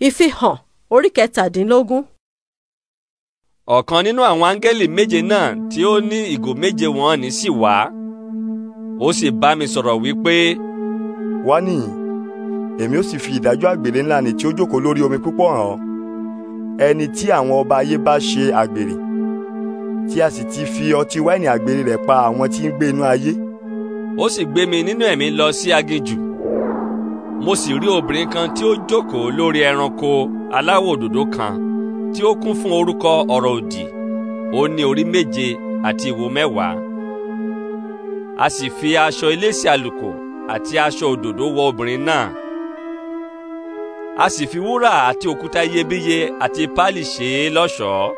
ìfihàn orí kẹtàdínlógún. ọ̀kan nínú àwọn áńgẹ́lì méje náà tí ó ní ìgò méje wọ̀n ní sì wá ó sì bá mi sọ̀rọ̀ wípé. wá nìyí èmi ó sì fi ìdájọ́ àgbèrè ńlá ni tí ó jókòó lórí omi púpọ̀ hàn ọ́ ẹni tí àwọn ọba ayé bá ṣe àgbèrè tí a sì ti fi ọtí wáìnì àgbèrè rẹ̀ pa àwọn tí ń gbé inú ayé. ó sì gbé mi nínú ẹ̀mí lọ sí aginjù mo sì rí obìnrin kan tí ó jókòó lórí ẹranko aláwọ̀ òdòdó kan tí ó kún fún orúkọ ọ̀rọ̀ òdì ó ní orí méje àti ìwo mẹ́wàá a sì fi aṣọ elése àlùkò àti aṣọ òdòdó wọ obìnrin náà a sì fi wúrà àti òkúta iyebíye àti páálí ṣe é lọ́ṣọ̀ọ́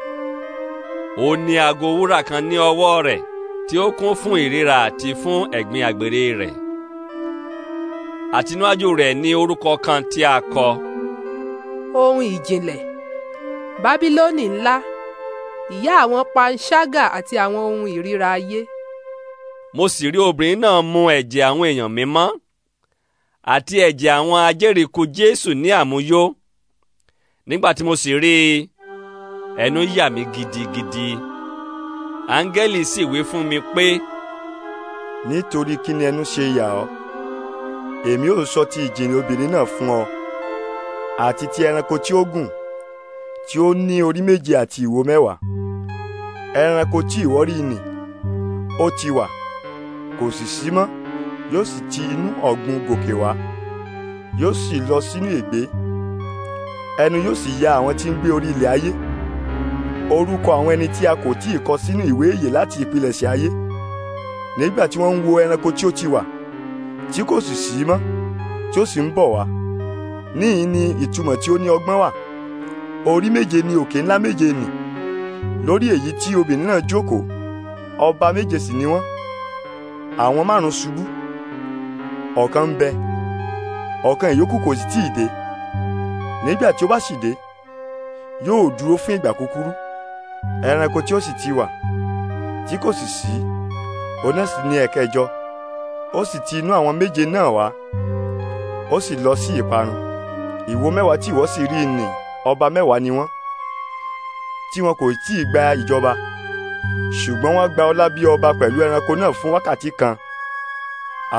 ó ní aago wúrà kan ní ọwọ́ rẹ̀ tí ó kún fún ìríra àti fún ẹ̀gbin àgbèrè rẹ̀ àtinúwájú rẹ̀ ní orúkọ kan tí a kọ. ohun ìjìnlẹ̀ bábílónì ńlá ìyá àwọn panṣágà àti àwọn ohun ìríra ayé. mo sì rí obìnrin náà mu ẹ̀jẹ̀ àwọn èèyàn mímọ́ àti ẹ̀jẹ̀ àwọn ajẹ́rìíkú jésù ní àmúyó nígbà tí mo sì rí i ẹnu yà mí gidigidi áńgẹ́lì sì wí fún mi pé. nítorí kí ni ẹnu ṣe yà ọ́ èmi ó sọ ti ìjìnlẹ̀ obìnrin náà fún ọ àti ti ẹranko tí ó gùn tí ó ní orí méje àti ìwo mẹ́wàá ẹranko tí ìwọ rí nì ó ti wà kò sì sí mọ́ yóò sì ti inú ọ̀gbun gòkè wá yóò sì lọ sínú ègbé ẹnu yóò sì ya àwọn tí ń gbé orí ilẹ̀ ayé orúkọ àwọn ẹni tí a kò tí ì kọ sínú ìwé ìyè láti ìpilẹ̀ṣẹ̀ ayé nígbà tí wọ́n ń wo ẹranko tí ó ti wà tí kò sì sí mọ́ tí ó sì ń bọ̀ wá níyìn ni ìtumọ̀ tí ó ní ọgbọ́n wà orí méje ni òkè ńlá méje nì lórí èyí tí obìnrin náà jókòó ọba méje sì ni wọ́n àwọn márùn ṣubú ọ̀kan ń bẹ ọ̀kan ìyókù kò sì tíì dé nígbà tí ó bá sì dé yóò dúró fún ìgbà kúkúrú ẹranko tí ó sì ti wà tí kò sì sí òun ní ẹ̀kẹjọ ó sì ti inú àwọn méje náà wá ó sì lọ sí ìparun ìwo mẹ́wàá tí ìwọ sì rí nì ọba mẹ́wàá ni wọ́n tí wọn kò tí ì gba ìjọba ṣùgbọ́n wọ́n gba ọlá bí ọba pẹ̀lú ẹranko náà fún wákàtí kan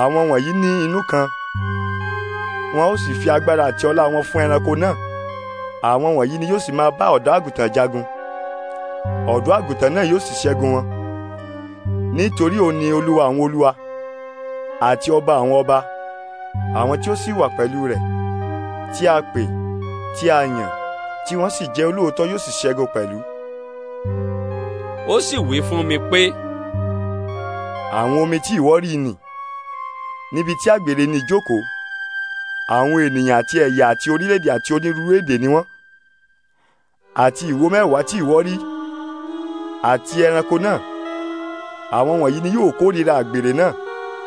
àwọn wọ̀nyí ní inú kan wọn ó sì fi agbára àti ọlá wọn fún ẹranko náà àwọn wọ̀nyí ni yóò sì máa bá ọ̀dọ́ àgùntàn jagun ọ̀dọ́ àgùntàn náà yóò sì ṣẹ́gun wọn nítorí òun olúwa àwọn olúwa àti ọba àwọn ọba àwọn tí ó sì wà pẹ̀lú rẹ̀ tí a pè tí a yàn tí wọ́n sì jẹ́ olóòótọ́ yóò sì ṣẹ́gun pẹ̀lú. ó sì wí fún mi pé. àwọn omi tí ìwọ rí nì níbi tí àgbèrè ní ìjókòó àwọn ènìyàn àti ẹ̀yà àti orílẹ̀-èdè àti onírúurú èdè ni wọ́n àti ìwo mẹ́wàá tí ìwọ rí àti ẹranko náà àwọn wọ̀nyí ni yóò kórìíra àgbèrè náà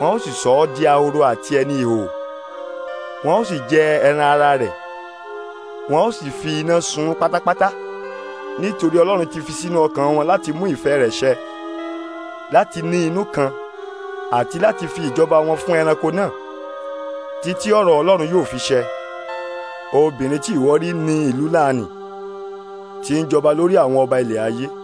wọn ó sì sọ ọ́ di ahoro àti ẹni ihò wọn ó sì jẹ ẹran ara rẹ̀ wọn ó sì fi iná sun pátápátá nítorí ọlọ́run ti fi sínú ọkàn wọn láti mú ìfẹ́ rẹ̀ ṣẹ láti ní inú kan àti láti fi ìjọba wọn fún ẹranko náà títí ọ̀rọ̀ ọlọ́run yóò fi ṣẹ obìnrin tí ìwọ ní ìlú láàánì tí ń jọba lórí àwọn ọba ilẹ̀ ayé